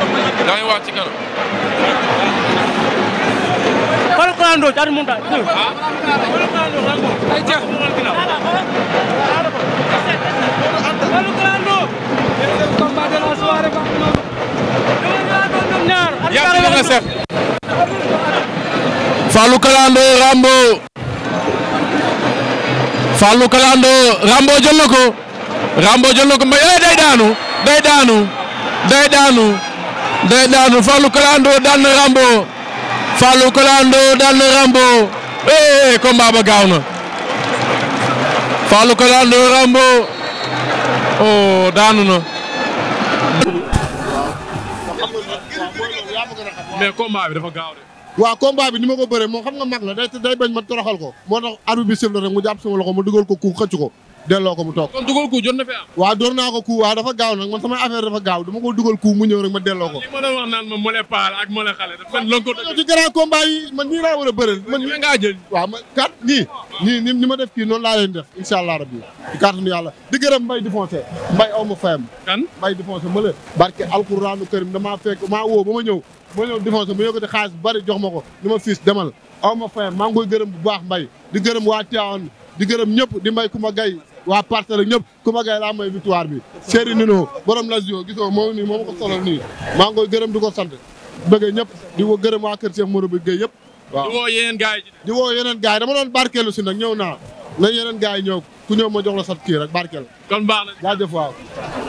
Ah. yaa ngi wax Kalandoo ci Aliou Kalandoo lan moom. ay jeex mu day daanu day daanu day daanu. day daanu Fallou Kalando daan na Rambo Fallou Kalando daan na Rambo eh combat ba gaaw na Fallou Kalando Rambo oh daanu na. mais combat bi dafa gaaw de. waaw combat bi ni ma ko bëree moom xam nga mag la day day bañ ma toroxal ko moo tax arbitre bi sëf la rek mu jàpp sama loxo ma dugal ko ku xëcc ko. delloo ko mu toog. kon dugal ku jot na fi am. naa ko ku waaw dafa gaaw nag man sama affaire dafa gaaw dama ko dugal ku mu ñëw rek ma delloo ko. li ma doon wax naan ma mole paal ak mole xale. dafa lëkkaloo dafa ci grand combat yi war a bëreel. man nii ngaa nii. nii ni ma def kii noonu laa leen def incha allah rabbi ci kàttanu yàlla di gërëm Mbaye Difoncé Mbaye aw ma fayam. kan Mbaye Difoncé ma la. barke alquranu karim damaa fek ma woo ba ma ñëw ma ñëw Difoncé mu yëkkati xaalis bu bari jox ma ko ni ma fiis demal aw ma fayam maa ngi gërëm bu baax mbay di gërëm waa Tivaouane di gërëm ñëpp di Mbaye Kumba Gaye waa parcelle ñëpp ku ma gay laa may victoire bi Serigne Nino borom Lazio gisoo moom nii moom ko solol nii maa ngi gërëm di ko sant bëggee ñëpp di ko gërëm waa kër Cheikh Modou bi Gueye yëpp waaw di woo yeneen gars yi di woo yeneen gars yi dama doon barkeelu si nag ñëw naa nañ yeneen gars yi ñëw ku ñëw mo jox la sat kii rek barkeelu kon baax